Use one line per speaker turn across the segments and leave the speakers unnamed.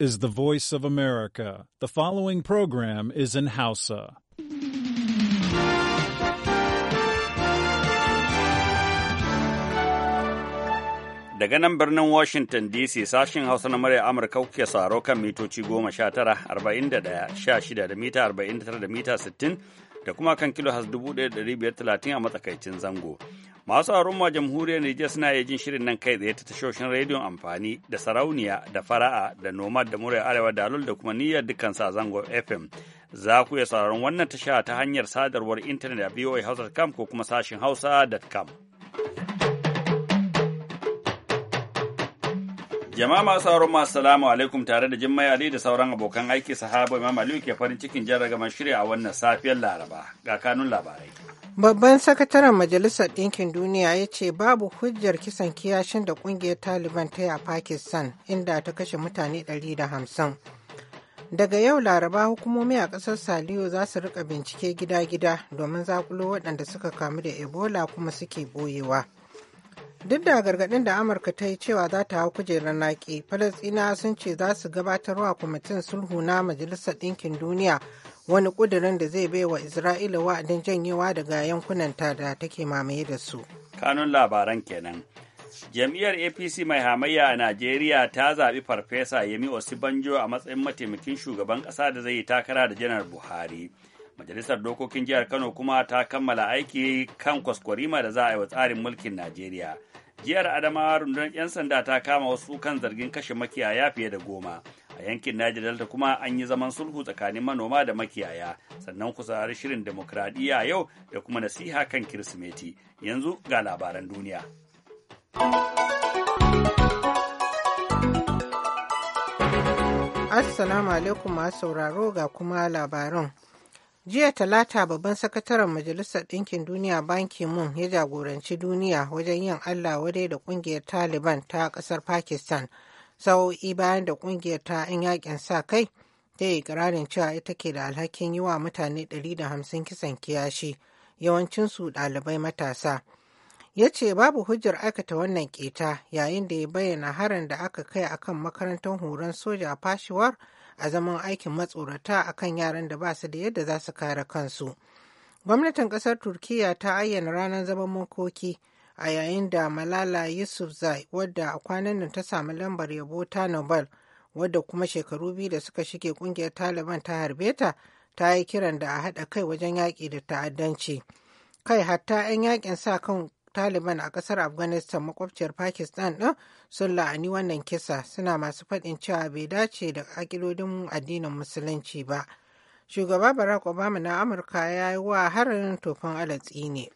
is the voice of America. The following program is in Hausa.
Daga nan birnin Washington DC sashin Hausa na murya Amurka kuke saro kan mitoci goma sha tara, arba'in da ɗaya, sha shida da mita, arba'in da tara da mita sittin da kuma kan kilo has dubu ɗaya da biyar talatin a matsakaicin zango. masu ma jamhuriyar Nijar suna iya jin shirin nan kai tsaye ta tashoshin rediyon amfani da sarauniya da fara'a da nomad da muryar arewa da alul da kuma niyyar dukkan sa zango fm za ku iya sauraron wannan tasha ta hanyar sadarwar intanet a voahausa.com ko kuma sashin hausa.com Jama'a masu sauran masu salamu alaikum tare da Jummai Ali da sauran abokan aiki sahaba Imam Aliyu ke farin cikin Gaman shirya a wannan safiyar Laraba ga kanun labarai.
Babban sakataren Majalisar Ɗinkin Duniya ya ce babu hujjar kisan kiyashin da ƙungiyar Taliban ta yi a Pakistan inda ta kashe mutane 150. Daga yau Laraba hukumomi a ƙasar Saliyo za su rika bincike gida-gida domin zaƙulo waɗanda suka kamu da Ebola kuma suke ɓoyewa. Duk da gargaɗin da Amurka ta yi cewa za ta hau kujerar naƙi, Falasɗinawa sun ce za su gabatarwa kwamitin sulhu na Majalisar Ɗinkin Duniya wani ƙudurin da zai baiwa Isra'ila wa'adin janyewa daga yankunan ta da take mamaye da su.
Kanun labaran kenan. Jam'iyyar APC mai hamayya a Najeriya ta zaɓi Farfesa Yemi Osibanjo a matsayin mataimakin shugaban ƙasa da zai yi takara da Janar Buhari. Majalisar Dokokin Jihar Kano kuma ta kammala aiki kan kwaskwarima da za a yi wa tsarin mulkin Najeriya. Jihar Adamawa rundunar 'yan sanda ta kama wasu kan zargin kashe makiyaya fiye da goma. a yankin Niger Delta kuma an yi zaman sulhu tsakanin manoma da makiyaya sannan kusa shirin demokradiyya yau da kuma nasiha kan Kirsimeti yanzu ga labaran duniya
Assalamu alaikum masu sauraro ga kuma labaran jiya talata babban sakataren majalisar ɗinkin duniya banki Mun ya jagoranci duniya wajen yin allah wadai da ƙungiyar taliban ta ƙasar pakistan sa'o'i bayan da kungiyar ta 'yan yakin sa kai ta yi cewa ita ke da alhakin yi wa mutane 150 kisan kiyashi yawancinsu ɗalibai matasa ya ce babu hujjar aikata wannan keta yayin da ya bayyana harin da aka kai akan makarantar horon soja a fashiwar a zaman aikin matsorata a kan yaran da ba su da yadda za su kare kansu gwamnatin ƙasar turkiya ta ayyana ranar zaman makoki a yayin da Malala zai wadda a kwanan nan ta samu lambar yabo ta Nobel wadda kuma shekaru biyu da suka shige kungiyar Taliban ta harbe ta ta yi kiran da a haɗa kai wajen yaƙi da ta'addanci. Kai hatta 'yan yaƙin sa kan Taliban a ƙasar Afghanistan makwabciyar Pakistan ɗin sun la'ani wannan kisa suna masu faɗin cewa bai dace da ƙaƙilodin addinin Musulunci ba. Shugaba Barack Obama na Amurka ya yi wa harin tofin alatsi ne.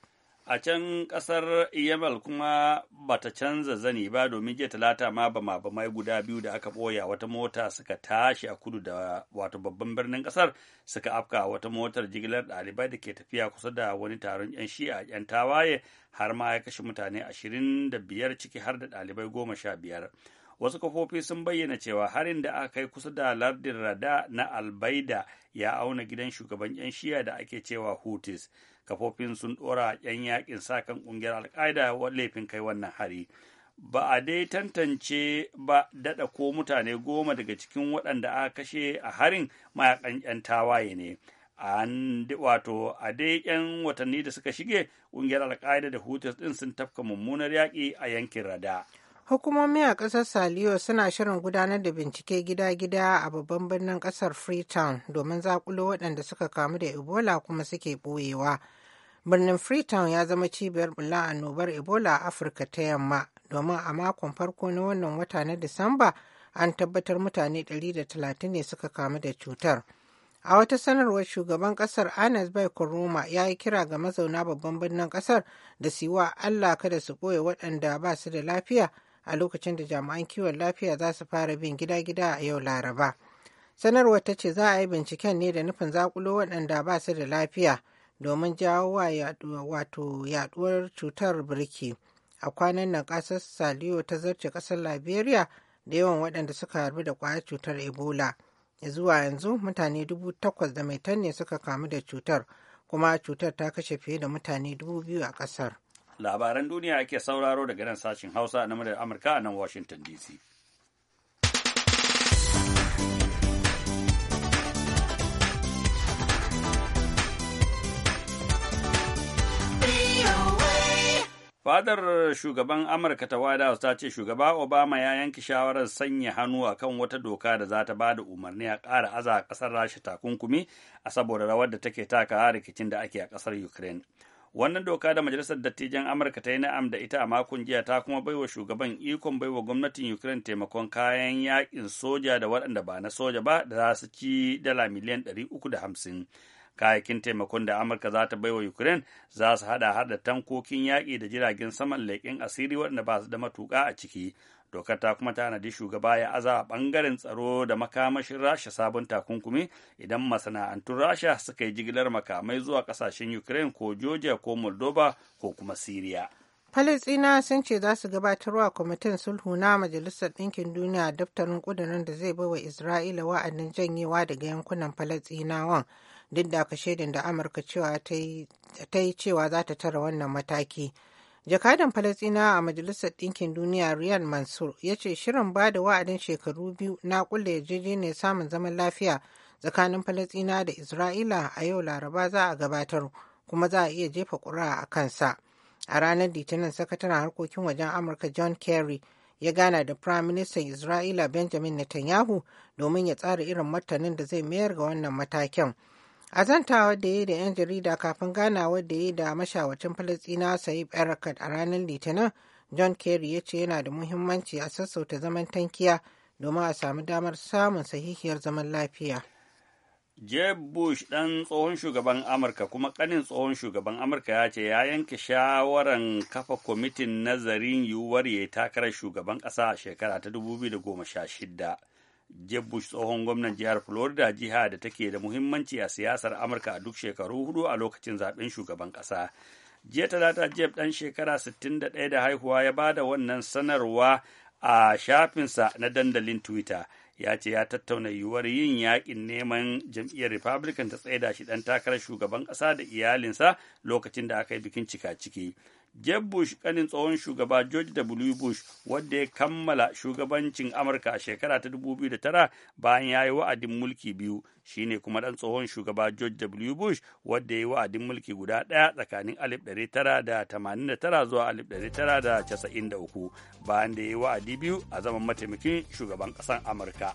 a can ƙasar yamal kuma bata canza zani ba domin jiya talata ma ba bamai guda biyu da aka boya wata mota suka tashi a kudu da wato babban birnin ƙasar suka afka wata motar jigilar ɗalibai da ke tafiya kusa da wani taron yan shi'a yan tawaye har ma ya kashe mutane ashirin da biyar ciki har da ɗalibai goma sha biyar wasu kafofi sun bayyana cewa harin da aka kai kusa da lardin rada na albaida ya auna gidan shugaban yan shi'a da ake cewa hutis kafofin sun ɗora yan yakin sa kan ƙungiyar alkaida laifin kai wannan hari ba a dai tantance ba dada ko mutane goma daga cikin waɗanda aka kashe a harin mayakan 'yan tawaye ne an wato a dai 'yan watanni da suka shige ƙungiyar alkaida da hutus ɗin sun tafka mummunar yaƙi a yankin rada
hukumomi a ƙasar saliyo suna shirin gudanar da bincike gida-gida a babban birnin ƙasar freetown domin zakulo waɗanda suka kamu da ebola kuma suke ɓoyewa. Birnin Freetown ya zama cibiyar bula annobar Ebola a Afirka ta yamma domin a makon farko na wannan wata na Disamba an tabbatar mutane 130 ne suka kamu da cutar. A wata sanarwar shugaban kasar Anas Bai Kuruma ya yi kira ga mazauna babban birnin kasar da siwa Allah kada su ɓoye waɗanda ba su da lafiya a lokacin da jami'an kiwon lafiya za su fara bin gida-gida a yau Laraba. Sanarwar ta ce za a yi binciken ne da nufin zakulo waɗanda ba su da lafiya domin jawo wa wato yaduwar cutar birki a kwanan nan kasar saliyo ta zarce kasar liberia da yawan waɗanda suka harbi da kwayar cutar ebola zuwa yanzu mutane dubu takwas da mai ne suka kamu da cutar kuma cutar ta kashe fiye da mutane dubu biyu a kasar
labaran duniya ake sauraro daga nan sashin hausa na muryar amurka a nan washington dc Fadar shugaban Amurka ta White House ta ce shugaba Obama ya yanke shawarar sanya hannu a kan wata doka da za ta ba da umarni a ƙara aza a ƙasar Rasha takunkumi a saboda rawar da take taka rikicin da ake a ƙasar Ukraine. wannan doka da majalisar dattijan amurka ta yi na'am da ita a makon jiya ta kuma baiwa shugaban ikon baiwa gwamnatin ukraine taimakon kayan yakin soja da waɗanda ba na soja ba da za su ci dala miliyan 350 kayakin taimakon da amurka za ta bai wa ukraine za su hada hada tankokin yaƙi da jiragen saman leƙen asiri waɗanda ba su da matuƙa a ciki dokar ta kuma tanadi shugaba ya aza a ɓangaren tsaro da makamashin rasha sabon takunkumi idan masana'antun rasha suka yi jigilar makamai zuwa ƙasashen ukraine ko georgia ko moldova ko kuma syria
Falistina sun ce za su gabatarwa kwamitin sulhu na Majalisar Ɗinkin Duniya daftarin ƙudurin da zai bai wa Isra'ila wa'adin janyewa daga yankunan Falastinawan duk da aka shaidin da amurka cewa ta yi cewa za ta tara wannan mataki jakadan falastina a majalisar ɗinkin duniya riyad mansur ya ce shirin ba da wa'adin shekaru biyu na kulle ne samun zaman lafiya tsakanin falastina da isra'ila a yau laraba za a gabatar kuma za a iya jefa ƙuri'a a kansa a ranar litinin sakataren harkokin wajen amurka john kerry ya gana da prime minister isra'ila benjamin netanyahu domin ya tsara irin martanin da zai mayar ga wannan matakin a zantawa da ya da 'yan jarida kafin ganawa da ya da mashawacin falastina sayib erakat a ranar litinin john kerry ya ce yana da muhimmanci a sassauta zaman tankiya domin a samu damar samun sahihiyar zaman lafiya
jeb bush ɗan tsohon shugaban amurka kuma kanin tsohon shugaban amurka ya ce ya yanke shawaran kafa kwamitin nazarin yiwuwar ya takarar shugaban ƙasa a shekara ta 2016 Jeb Bush tsohon gwamnan jihar Florida jiha da take da muhimmanci a siyasar Amurka a duk shekaru hudu a lokacin zaben shugaban ƙasa. Jiya talata Jeb ɗan shekara 61 da haihuwa ya ba da wannan sanarwa a shafinsa na dandalin Twitter. ya ce ya tattauna yiwuwar yin yaƙin neman jam'iyyar republican ta tsaida shi ɗan takarar shugaban ƙasa da iyalinsa lokacin da aka yi bikin cika ciki Jeb Bush kanin tsohon shugaba George W. Bush wadda ya kammala shugabancin Amurka a shekara ta 2009 bayan ya yi wa'adin mulki biyu shi ne kuma ɗan tsohon shugaba George W. Bush wadda ya yi wa'adin mulki guda ɗaya tsakanin 1989 zuwa 1993 bayan da ya yi wa'adi biyu a zaman mataimakin shugaban ƙasar Amurka.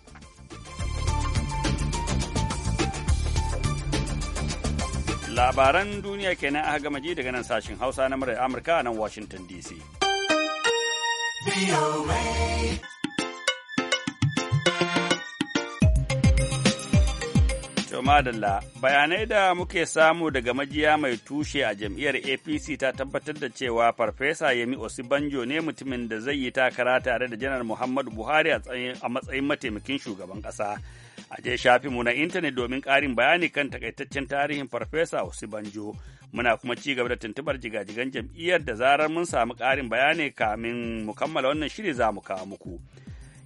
labaran duniya kenan a gama ji daga nan sashin hausa na murar amurka a nan washington dc madalla bayanai da muke samu daga majiya mai tushe a jam'iyyar apc ta tabbatar da cewa farfesa yemi osibanjo ne mutumin da zai yi takara tare da janar muhammadu buhari a matsayin mataimakin shugaban ƙasa. a je shafinmu na intanet domin ƙarin bayani kan takaitaccen tarihin farfesa Hussi Muna kuma ci gaba da tuntubar jigajigan jam'iyyar da zarar mun samu ƙarin bayani kamin mu wannan shiri za mu kawo muku.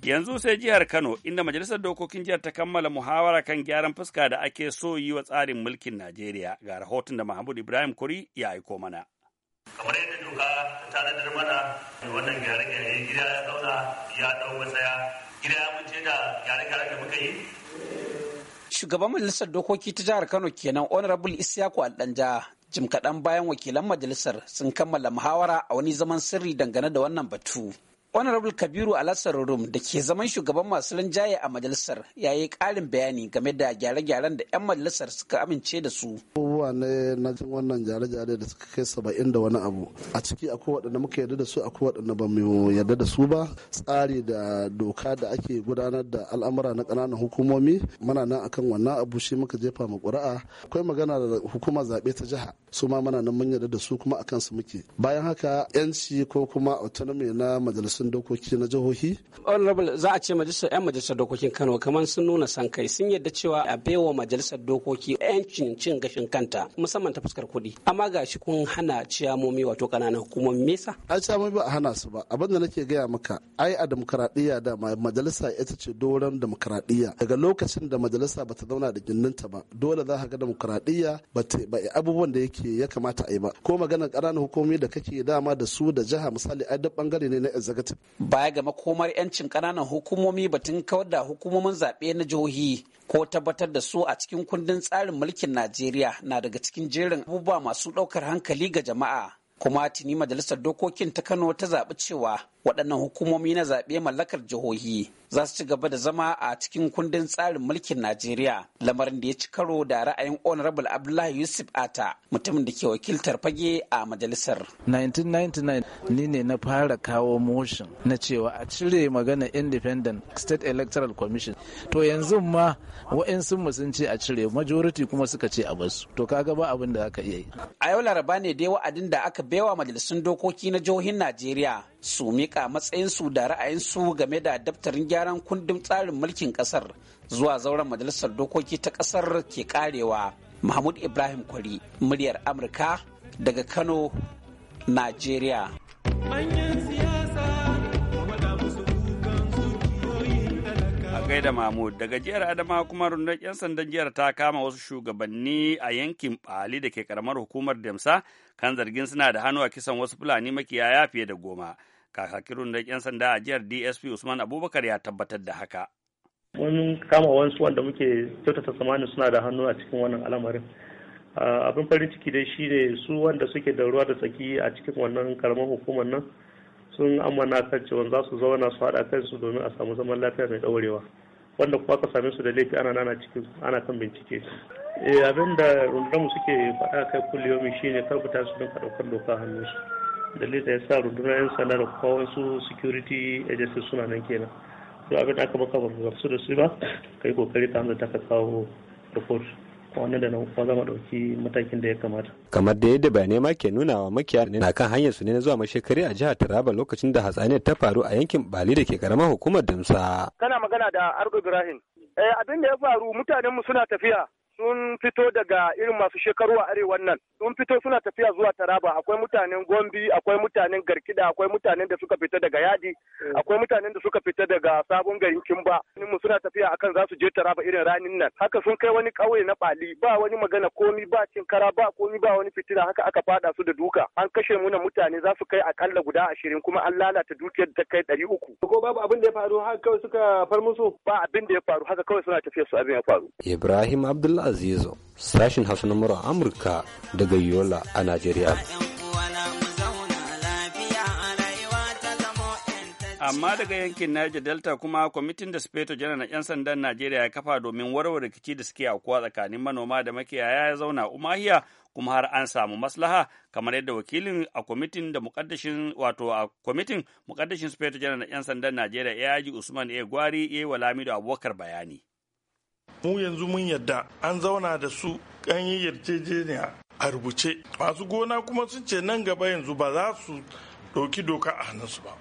Yanzu sai jihar Kano inda majalisar dokokin jihar ta kammala muhawara kan gyaran fuska da ake so yi wa tsarin mulkin Najeriya ga rahoton da Mahmud Ibrahim Kuri ya aiko mana.
kamar yadda doka ta tanadar mana
wannan gyare-gyare gida ya zauna ya dau matsaya gida mun je da gyare-gyare da muka yi
shugaban majalisar dokoki ta jihar kano kenan honorable Isiyaku aldanja jim kaɗan bayan wakilan majalisar sun kammala muhawara a wani zaman sirri dangane da wannan batu honorable kabiru alassar rum da ke zaman shugaban masu rinjaye a majalisar ya yi karin bayani game da gyare-gyaren da 'yan majalisar suka amince da su
abubuwa ne na jin wannan gyare-gyare da suka kai saba'in da wani abu a ciki akwai waɗanda muka yarda da su akwai waɗanda ba mu yarda da su ba tsari da doka da ake gudanar da al'amura na ƙananan hukumomi muna nan akan wannan abu shi muka jefa mu ƙuri'a akwai magana da hukumar zaɓe ta jiha su ma muna nan mun yarda da su kuma akan su muke bayan haka 'yanci ko kuma autonomy na majalisar majalisar dokoki na jihohi.
honorable za a ce majalisar 'yan majalisar dokokin kano kamar sun nuna san kai sun yadda cewa a baiwa majalisar dokoki 'yancin cin gashin kanta musamman ta fuskar kuɗi amma ga shi kun hana ciyamomi wato ƙananan hukumomin mesa. A ciyamomi ba a hana su ba
abin da nake gaya maka ai a demokaradiyya da majalisa ita ce doron demokaradiyya daga lokacin da majalisa bata zauna da ta ba dole za ka ga demokaradiyya ba abubuwan da yake ya kamata a yi ba ko maganar ƙananan hukumomi da kake dama da su da jiha misali ai duk bangare ne
na baya ga makomar 'yancin ƙananan hukumomi batun kawar da hukumomin zaɓe na jihohi ko tabbatar da su a cikin kundin tsarin mulkin najeriya na daga cikin jerin abubuwa masu ɗaukar hankali ga jama'a kuma tuni majalisar dokokin ta kano ta zaɓi cewa waɗannan hukumomi na zaɓe mallakar jihohi za su ci gaba da zama a cikin kundin tsarin mulkin Najeriya lamarin da ya ci karo da ra'ayin Honorable Abdullahi Yusuf Ata mutumin da ke wakiltar fage a majalisar. 1999 ni ne na fara kawo motion na cewa a cire magana independent state electoral commission to yanzu ma wa'insu mu sun ce a cire majority kuma suka ce a basu to kaga ba abin da aka iya yi. A yau laraba ne dai wa'adin da aka baiwa majalisun dokoki na jihohin Najeriya su miƙa matsayinsu da ra'ayinsu game da daftarin gyaran kundin tsarin mulkin ƙasar zuwa zauren majalisar dokoki ta ƙasar ke ƙarewa, mahmud ibrahim kwari muryar amurka daga kano Najeriya. da Mahmud daga jihar
Adama kuma rundunar 'yan sandan jihar ta kama wasu shugabanni a yankin Bali da ke karamar hukumar Demsa kan zargin suna da hannu a kisan wasu Fulani makiyaya fiye da goma. Kakakin rundunar 'yan sanda a jihar DSP Usman Abubakar ya tabbatar da haka.
Mun kama wasu wanda muke kyautata tsammanin suna da hannu a cikin wannan al'amarin. Ah, abin farin ciki dai shine su wanda suke da ruwa da tsaki a cikin wannan karamar hukumar nan. sun amana kan cewa za su zauna su haɗa kansu domin a samu zaman lafiya mai ɗaurewa wanda kuma aka same su da laifi ana nana cikin ana kan bincike eh abinda da mu suke faɗa kai kulliyomi shine fita su don ɗaukar doka hannunsu dalilin ya sa rundunar yan sanda da kuma wasu security agencies suna nan kenan to abin da aka maka ba su da su ba kai kokari ta hanzar ta kawo report wani da nan kuma za ɗauki matakin da ya kamata.
kamar da yadda bayanai ma ke nuna wa makiya na kan hanyar su ne na zuwa mashekari a jihar taraba lokacin da hatsaniyar ta faru a yankin bali da ke karamar hukumar damsa.
kana magana da argo ibrahim eh
abin da ya faru mutanenmu suna tafiya sun fito daga irin masu shekaru a arewan nan sun fito suna tafiya zuwa taraba akwai mutanen gombi akwai mutanen garkida akwai mutanen da suka fita daga yadi eh. akwai mutanen da suka fita daga sabon garin kimba mu suna tafiya akan za je taraba irin ranin nan haka sun kai wani kauye na bali ba wani magana komi ba cinkara ba komi ba wani fitina haka aka fada su da duka an kashe muna mutane za su kai akalla guda ashirin kuma an lalata dukiyar da kai ɗari uku. ko babu abin da ya faru haka kawai suka far musu ba abin da ya faru haka kawai suna tafiya su abin ya faru. ibrahim abdullahi Azizo, sashin hausa na mura amurka daga
yola a najeriya
amma daga yankin Niger Delta kuma kwamitin da Sufeto janar na 'yan sandan Najeriya ya kafa domin warware rikici da suke aukuwa tsakanin manoma da makiyaya ya zauna umahiya kuma har an samu maslaha kamar yadda wakilin a kwamitin da mukaddashin wato a kwamitin mukaddashin Sufeto janar na 'yan sandan Najeriya ya yaji Usman A Gwari ya yi wa Lamido Abubakar bayani.
mu yanzu mun yadda an zauna da su an yi yarjejeniya a rubuce masu gona kuma sun ce nan gaba yanzu ba za su ɗauki doka a hannunsu ba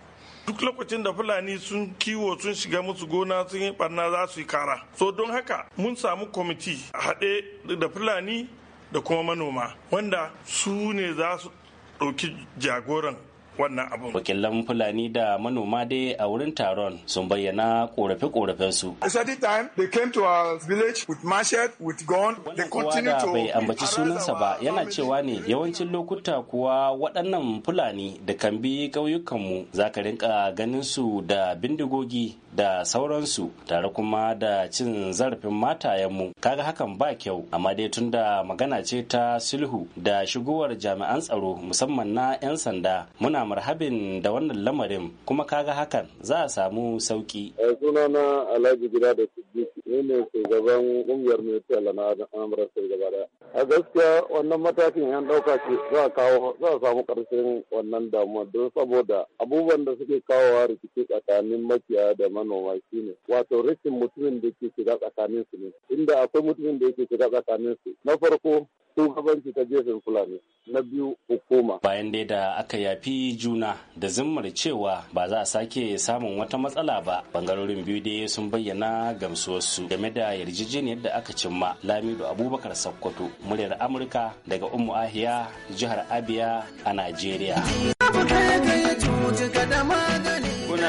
duk lokacin da fulani sun kiwo sun shiga musu gona sun yi barna za su yi kara so don haka mun samu kwamiti a haɗe da fulani da kuma manoma wanda su ne za su ɗauki jagoran wannan abun.
Wakilan Fulani da manoma dai a wurin taron sun bayyana korafe su.
A certain time they came to our village with machete, with gun, they continue to bai
ambaci sunansa ba yana cewa ne yawancin lokuta kuwa waɗannan Fulani da kan bi ƙauyukanmu za ka rinka ganin su da bindigogi da sauransu tare kuma da cin zarafin matayenmu kaga hakan ba kyau amma dai tun da magana ce ta sulhu da shigowar jami'an tsaro musamman na 'yan sanda muna marhabin da wannan lamarin kuma kaga hakan za a samu sauki. Eh, sunana alhaji gida da siddiqi ne shugaban ƙungiyar mai na amurka gaba daya a gaskiya wannan matakin yan dauka ce za a kawo za a samu karshen wannan damuwa don saboda abubuwan da suke kawowa rikici tsakanin makiya da manoma shine wato rikin mutumin da yake shiga tsakanin su ne inda akwai mutumin da yake shiga tsakanin su na farko shugabanci ta jefin fulani na biyu hukuma. Bayan dai da aka yafi juna da zimmar cewa ba za a sake samun wata matsala ba bangarorin biyu dai sun bayyana gamsuwarsu game da yarjejeniyar da aka cimma Lamido Abubakar Sakkwato muryar Amurka daga Ummu Ahiya jihar Abia a Najeriya.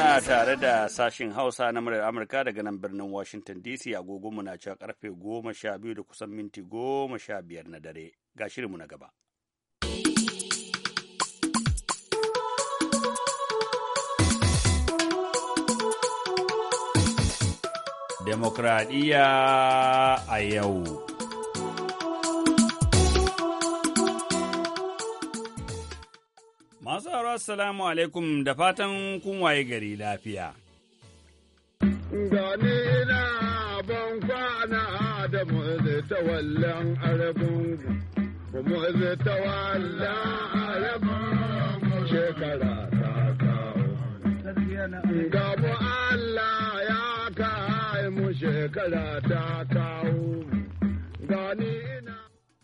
Ana tare
da sashin Hausa na muryar Amurka daga nan birnin Washington DC agogonmu na cewa karfe goma sha biyu da kusan minti goma sha biyar na dare. Ga shirinmu na gaba. Demokradiyya a yau. Masu haro assalamu alaikum da fatan kun waye gari lafiya.
Gani na ban kwana da ta tawallan arabin ku ta tawallan arabin shekara ta kawo. Ga mu Allah ya kai mu shekara ta kawo. Gani na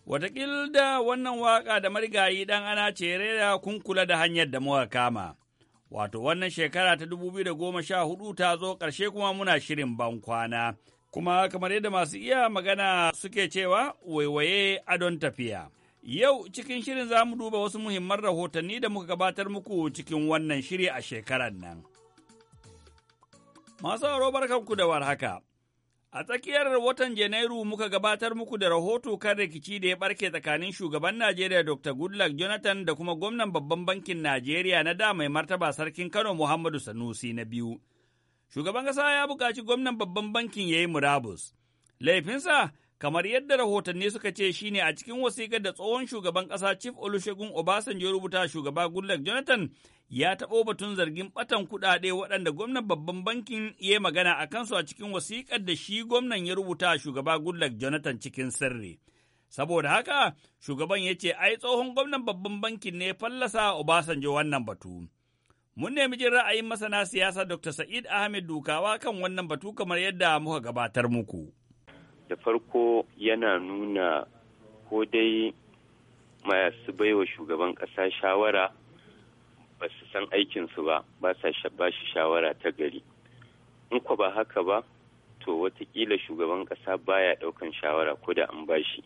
Wataƙilda wannan waƙa da marigayi ɗan ana cerera kun kula da hanyar da muka kama. Wato wannan shekara ta dubu biyu da goma sha hudu ta zo ƙarshe kuma muna shirin ban kwana. Kuma kamar yadda masu iya magana suke cewa waiwaye adon tafiya. Yau cikin shirin za mu duba wasu muhimman rahotanni da muka gabatar muku cikin wannan shiri a shekarar nan. Masu aro barkanku da warhaka. A tsakiyar watan Janairu muka gabatar muku da rahoto kan rikici da ya barke tsakanin shugaban Najeriya Dr. Goodluck Jonathan da kuma gwamnan babban bankin Najeriya na da mai martaba sarkin Kano Muhammadu Sanusi na biyu. Shugaban ƙasa ya buƙaci gwamnan babban bankin ya yi murabus. Laifinsa kamar yadda rahotanni suka ce shine a cikin wasikar da tsohon shugaban ƙasa Chief Olusegun Obasanjo rubuta shugaba Goodluck Jonathan ya taɓo batun zargin ɓatan kuɗaɗe waɗanda gwamnan babban bankin ya magana a kansu a cikin wasikar da shi gwamnan ya rubuta shugaba Goodluck Jonathan cikin sirri. Saboda haka, shugaban ya ce, ai tsohon gwamnan babban bankin ne fallasa Obasanjo wannan batu. Mun nemi jin ra'ayin masana siyasa Dr. Sa'id Ahmed Dukawa kan wannan batu kamar yadda muka gabatar muku.
da farko yana nuna ko dai masu baiwa shugaban ƙasa shawara ba su san aikinsu ba ba sa ba shi shawara ta gari in kwa ba haka ba to watakila shugaban ƙasa baya ɗaukan shawara ko da an ba shi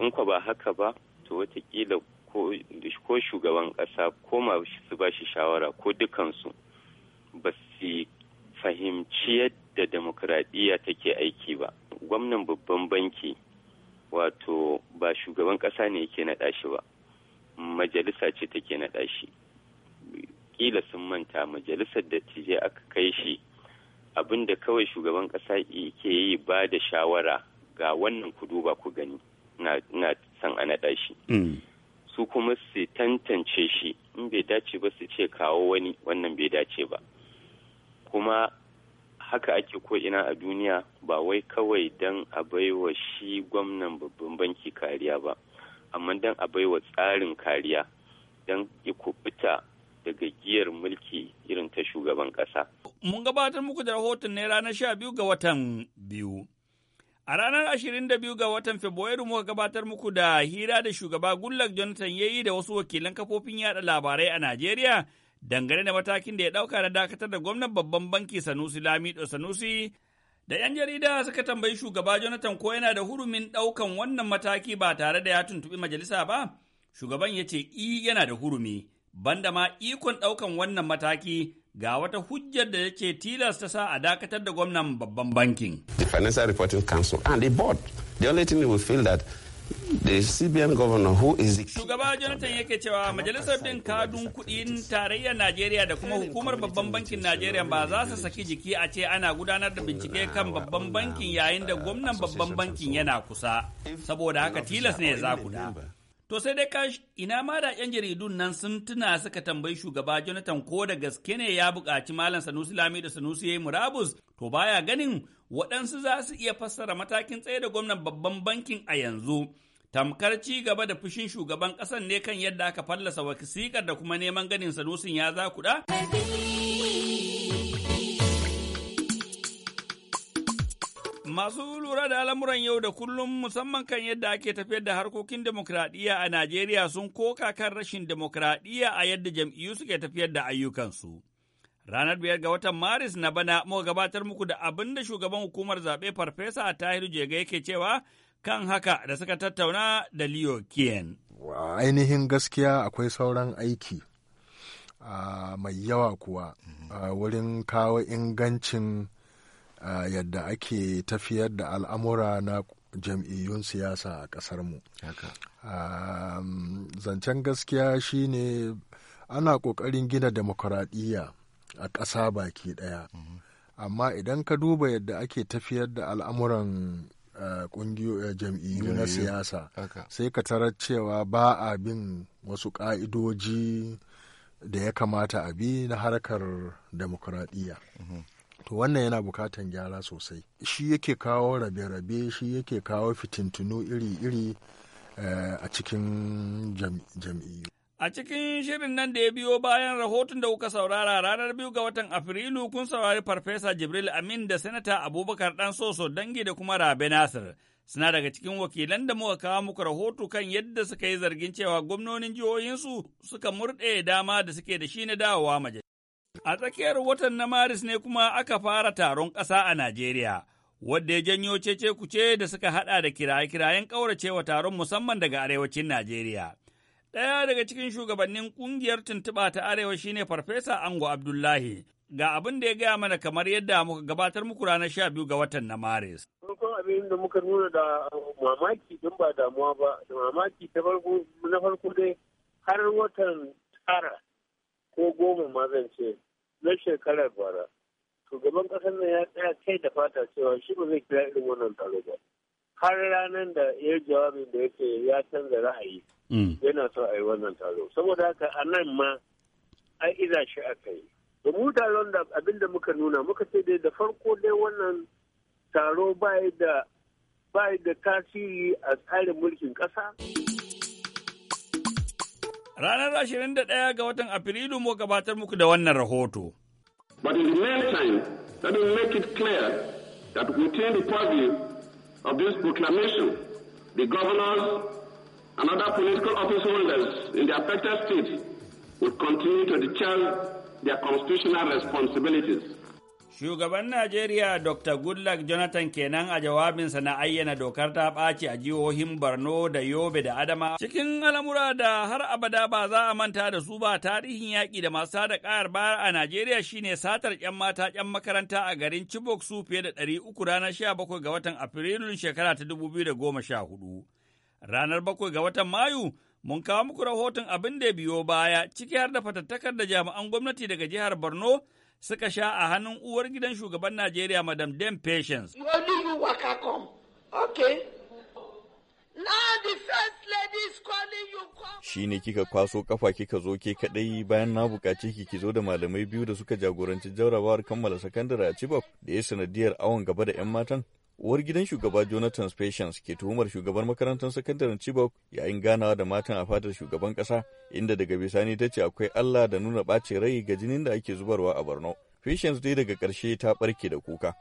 in kwa ba haka ba to watakila ko shugaban ƙasa ko masu ba shi shawara ko dukansu ba su fahimci yadda demokuraɗiyya take aiki ba gwamnan babban banki wato ba shugaban ƙasa ne yake naɗa shi ba majalisa ce take naɗa shi kila sun manta majalisar dattijai aka kai shi abinda kawai shugaban ƙasa ke yi ba da shawara ga wannan ku ba ku gani na san a naɗa shi mm. su kuma su tantance shi in bai dace ba su ce kawo wani wannan bai dace ba kuma haka ake ko ina a duniya ba wai kawai don a baiwa shi gwamnan babban banki kariya ba amma don a baiwa tsarin kariya don ya daga giyar mulki irin ta shugaban kasa.
Mun gabatar muku da rahoton ne ranar sha biyu ga watan biyu. A ranar ashirin da biyu ga watan Fabrairu muka gabatar muku da hira da shugaba Gullak Jonathan ya yi da wasu wakilan kafofin yada labarai a Najeriya dangane da matakin da ya ɗauka na dakatar da gwamnan babban banki Sanusi Lamido Sanusi da 'yan jarida suka tambayi shugaba Jonathan ko yana da hurumin ɗaukan wannan mataki ba tare da ya tuntuɓi majalisa ba, shugaban ya ce i yana da hurumi, banda ma ikon ɗaukan wannan mataki ga wata hujjar da yake tilasta sa a dakatar da gwamnan babban bankin.
The Financial Reporting Council and the board, the only thing we feel that CBN governor who is
Shugaba Jonathan yake cewa majalisar din kadun kudin tarayyar Najeriya da kuma hukumar babban bankin Najeriya ba za su saki jiki a ce ana gudanar da bincike kan babban bankin yayin da gwamnan babban bankin yana kusa. Saboda haka tilas ne za ku da. To sai dai kash ina ma da yan jaridun nan sun tuna suka tambayi shugaba Jonathan ko da gaske ne ya buƙaci Malam Sanusi Lami da Sanusi ya murabus to baya ganin waɗansu za su iya fassara matakin tsaye da gwamnan babban bankin a yanzu tamkar ci gaba da fushin shugaban ƙasar ne kan yadda aka fallasa wasikar da kuma neman ganin sanusin ya za kuɗa? Masu lura da al'amuran yau da kullum musamman kan yadda ake tafiyar da harkokin demokradiyya a Najeriya sun koka kan rashin demokradiyya a yadda jam'iyyu suke tafiyar da ayyukansu. Ranar biyar ga watan Maris na bana muka gabatar muku da abin da shugaban hukumar zaɓe Farfesa a Tahiru Jega yake cewa kan haka da suka tattauna da Leo Kien.
Ainihin gaskiya akwai sauran aiki mai yawa kuwa wurin kawo ingancin yadda ake tafiyar da al'amura na jam'iyyun siyasa a ƙasarmu. Zancen gaskiya shine ana ƙoƙarin gina demokuraɗiyya a ƙasa baki ɗaya mhm. amma idan ka duba yadda ake tafiyar da al'amuran eh, ƙungiyoyin eh, jam'iyyu na siyasa sai ka tarar cewa ba a bin wasu ƙa'idoji da ya kamata a bi na harkar demokuraɗiyya mhm. to wannan yana bukatan gyara sosai shi yake kawo rabe-rabe shi yake kawo fitintunu iri-iri eh, a cikin jam'iyyu
A cikin shirin nan da ya biyo bayan rahoton da kuka saurara ranar biyu ga watan Afrilu kun saurari Farfesa Jibril Amin da Sanata Abubakar Dan Soso dangi da kuma Rabe Nasir. Suna daga cikin wakilan da muka kawo muku rahoto kan yadda suka yi zargin cewa gwamnonin jihohinsu suka murɗe dama da suke da shi na dawowa majalisa. A tsakiyar watan na Maris ne kuma aka fara taron ƙasa a Najeriya, wadda ya janyo cece kuce da suka haɗa da kiraye-kirayen ƙauracewa taron musamman daga arewacin Najeriya. Ɗaya daga cikin shugabannin ƙungiyar tuntuɓa ta Arewa shine Farfesa Ango Abdullahi. Ga abin da ya gaya mana kamar yadda muka gabatar muku ranar sha biyu ga watan na Maris.
Farkon abin da muka nuna da mamaki don ba damuwa ba, da mamaki ta farko na farko dai har watan tara ko goma ma zan ce na shekarar bara. Shugaban ƙasar nan ya tsaya kai da fata cewa shi ba zai kira irin wannan taro ba. Har ranar da ya jawabin da yake ya canza ra'ayi. Mm. yana so a yi wannan taro saboda haka a nan ma ai iza shi aka yi
da mu taron da abinda muka nuna muka ce dai da farko dai wannan taro bai da da tasiri a tsarin mulkin ƙasa.
Ranar 21 ga watan Afrilu mu gabatar muku da wannan
rahoto. But in the meantime, let me make it clear that within the
purview of this proclamation, the governors other political office holders in the affected states would continue to discharge their constitutional responsibilities.
Shugaban Najeriya Dr. Goodluck Jonathan kenan a jawabinsa na ayyana dokar ta ɓaci a jihohin Borno da Yobe da Adama. Cikin al'amura da har abada ba za a manta da su ba tarihin yaƙi da masu sada ƙayar baya a Najeriya shine satar ‘yan mata ‘yan makaranta a garin Chibok su fiye da ɗari uku ranar 17 ga watan Afrilun shekara ta dubu biyu da goma sha hudu. Ranar bakwai ga watan Mayu, mun kawo muku rahoton abin da biyo baya ciki har da fatattakar da jami'an gwamnati daga jihar Borno suka sha a hannun uwar gidan shugaban Najeriya Madam Dem Patience.
You only you waka come. Okay. Now the first lady is calling you come.
Shi ne kika kwaso kafa kika zo ke kadai bayan na bukaci ki zo da malamai biyu da suka jagoranci jarrabawar kammala sakandare a Chibok da ya sanadiyar awon gaba da 'yan matan. uwar gidan shugaba jonathan Spacians ke tuhumar shugaban makarantar sakandaren chibok yayin ganawa da matan a fatar shugaban kasa inda daga bisani ta ce akwai allah da nuna ɓace rai ga jinin da ake zubarwa a borno Spacians dai daga ƙarshe ta ɓarke da kuka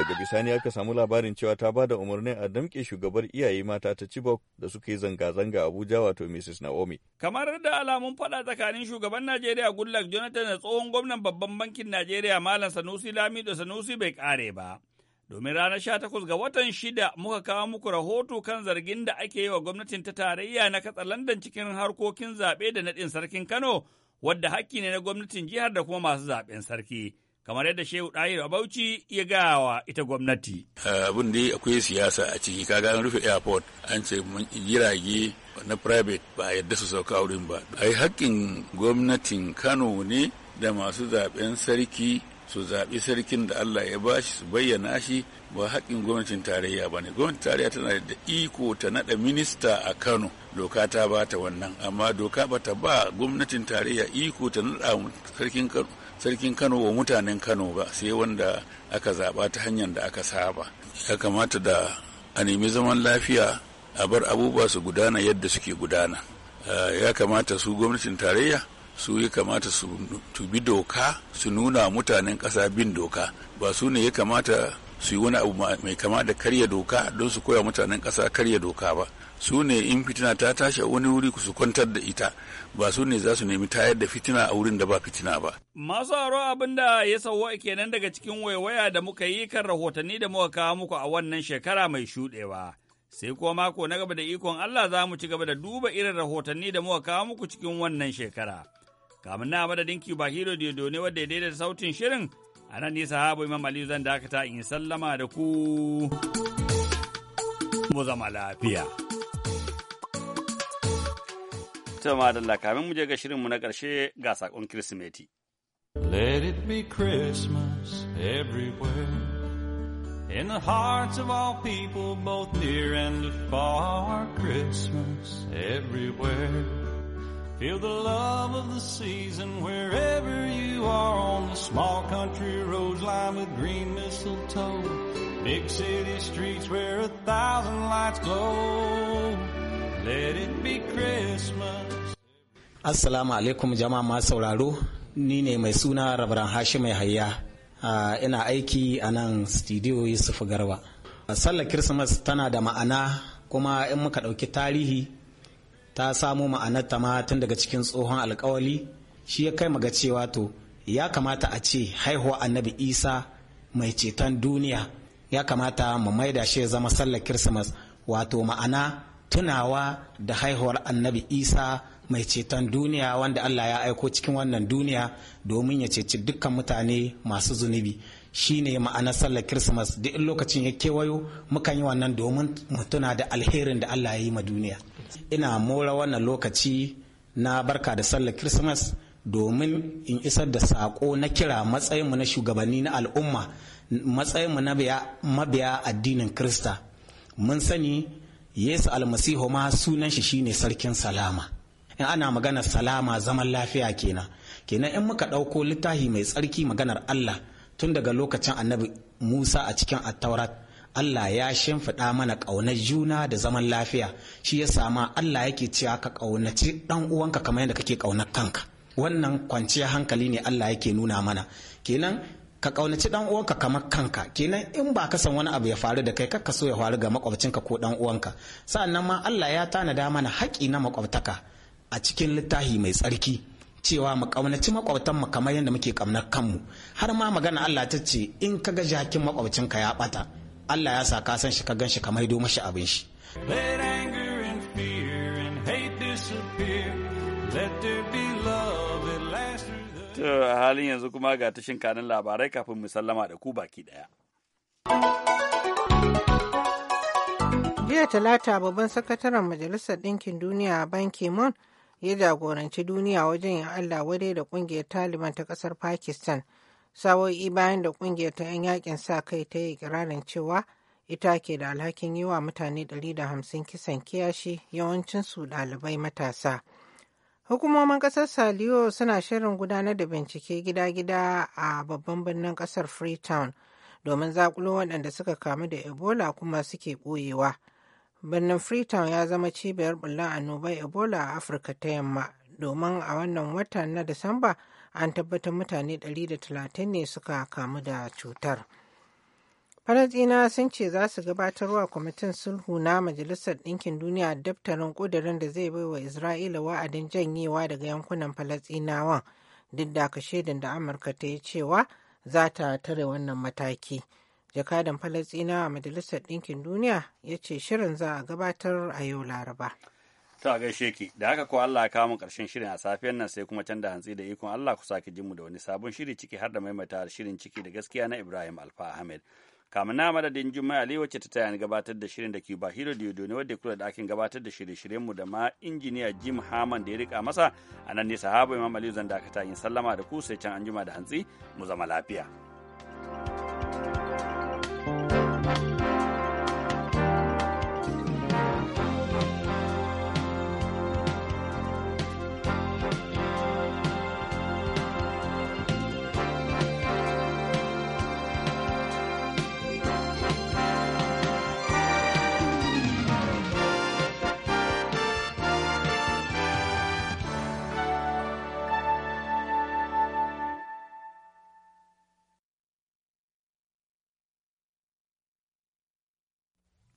Daga bisani aka samu labarin cewa ta bada da umarnin a damƙe shugabar iyaye mata ta Chibok da suka yi zanga-zanga Abuja wato Mrs. Naomi. Kamar da alamun faɗa tsakanin shugaban Najeriya Goodluck Jonathan da tsohon gwamnan babban bankin Najeriya Malam Sanusi Lamido Sanusi bai kare ba. domin ranar 18 ga watan shida muka kawo muku rahoto kan zargin da ake yi wa gwamnatin ta tarayya na katsa katsalandan cikin harkokin zaɓe da naɗin sarkin Kano, wadda hakki ne na gwamnatin jihar da kuma masu zaɓen sarki. kamar yadda shehu ɗahir bauchi ya gawa ita gwamnati.
Eh, abin da akwai siyasa a ciki kaga an rufe airport an ce mun jirage na private ba a yadda su sauka wurin ba ai hakkin gwamnatin kano ne da masu zaben sarki su zaɓi sarkin da allah ya bashi su bayyana shi ba haƙƙin gwamnatin tarayya ba ne gwamnatin tarayya tana da iko ta naɗa minista a kano doka ta ba ta wannan amma doka ba ta ba gwamnatin tarayya iko ta naɗa sarkin kano sarkin kano wa mutanen kano ba sai wanda aka zaba ta hanyar da aka saba ya kamata da a nemi zaman lafiya a bar abubuwa su gudana yadda suke gudana eh, ya kamata su gwamnatin tarayya su ya kamata su bi doka su nuna mutanen kasa bin doka ba su ne ya kamata su yi wani abu mai kama da karya doka don su koya mutanen ƙasa karya doka ba su ne in fitina ta tashi a wani wuri ku su kwantar da ita ba su ne za su nemi tayar da fitina a wurin da ba fitina ba.
Masu haro abin da ya sauwa kenan daga cikin waiwaya da muka yi kan rahotanni da muka kawo muku a wannan shekara mai shuɗewa. Sai kuma mako na gaba da ikon Allah za mu ci gaba da duba irin rahotanni da muka kawo muku cikin wannan shekara. Kamun na madadin Cuba Hero Diodo ne wadda ya daidaita sautin shirin a nan nisa habu Imam Aliyu zan dakata in sallama da ku mu zama lafiya. madalla kamin mu je ga na ƙarshe ga sakon Let it be Christmas everywhere in the hearts of all people both near and far Christmas everywhere Feel the love of the season wherever you are on the small country roads lined with green mistletoe big city streets where a thousand lights glow Let it be Christmas.
Assalamu alaikum jama'a masu sauraro, ni ne mai suna Rabaran hashi mai hayya. Ah, ina aiki a nan studio Yusuf Garba. Sallar Kirsimas tana da ma'ana kuma in muka ɗauki tarihi ta samu ma'anar ta ma tun daga cikin tsohon alkawali shi ya kai maga cewa to ya kamata a ce haihuwa annabi Isa mai ceton duniya ya kamata mu maida shi ya zama sallar Kirsimas wato ma'ana tunawa da haihuwar annabi isa mai ceton duniya wanda allah ya aiko cikin wannan duniya domin ya ceci dukkan mutane masu zunubi shine ma'anar sallar kirsimas duk lokacin ya kewayo mukan yi wannan domin mu tuna da alherin da allah ya yi ma duniya ina mora wannan lokaci na barka da sallar kirsimas domin in isar da sako na kira matsayinmu na shugabanni na al'umma matsayinmu na mabiya addinin krista mun sani yesu almasihu ma sunan shi shine sarkin salama in ana maganar salama zaman lafiya kenan kenan in muka ɗauko littafi mai tsarki maganar allah tun daga lokacin annabi musa a cikin attaurat Allah ya shimfiɗa mana ƙaunar juna da zaman lafiya shi ya sama Allah yake cewa ka ƙaunaci ɗan uwanka kamar yadda kake ƙaunar kanka wannan kwanciyar hankali ne Allah yake nuna mana kenan ka kaunaci dan uwanka kamar kanka kenan in ba ka san wani abu ya faru da kai kar ka so ya faru ga makwabcinka ko dan uwanka sa'annan ma Allah ya tanada mana haƙi na makwabtaka a cikin littafi mai tsarki cewa mu kaunaci makwabtan mu kamar yadda muke kaunar kanmu har ma magana Allah ta ce in ka ga jakin makwabcinka ya bata Allah ya sa ka san shi ka gan shi kamar do mashi abin shi Let anger
and fear and hate disappear
a halin yanzu kuma ga tashin kanin labarai kafin mu sallama da ku baki ɗaya.
Jiya Talata babban sakataren Majalisar Ɗinkin Duniya Ban banki moon ya jagoranci duniya wajen yin Allah wadai da ƙungiyar Taliban ta ƙasar Pakistan. Sawo'i bayan da ƙungiyar ta 'yan yakin sa kai ta yi kirarin cewa ita ke da alhakin yi wa mutane 150 kisan kiyashi yawancinsu ɗalibai matasa. Hukumomin kasar Saliyo suna shirin gudanar da bincike gida-gida a babban birnin kasar Freetown domin zakulo waɗanda suka kamu da Ebola kuma suke ɓoyewa. Birnin Freetown ya zama cibiyar bullon annobar Ebola a Afirka ta Yamma domin a wannan watan na Disamba an tabbatar mutane 130 ne suka kamu da cutar. farajina sun ce za su gabatarwa kwamitin sulhu na Majalisar Ɗinkin Duniya daftarin ƙudurin da zai bai wa Isra'ila wa'adin janyewa daga yankunan falastinawa duk da shaidan da Amurka ta yi cewa za ta tare wannan mataki. Jakadan Falasɗina a Majalisar Ɗinkin Duniya ya ce shirin za a gabatar a yau Laraba.
ta gaishe ki da haka ko Allah ya kawo mu karshen shirin a safiyar nan sai kuma canza hantsi da ikon Allah ku sake mu da wani sabon shiri ciki har da maimaita shirin ciki da gaskiya na Ibrahim Alfa Ahmed. kamar na madadin juma'a ali wacce ta taya gabatar da shirin da ke ba hiro da ne wadda kula da akin gabatar da shirye-shiryen mu da ma injiniya jim haman da ya rika masa a nan ne sahaba imam aliyu zan dakata yin sallama da ku sai can anjima da hantsi mu zama lafiya. thank you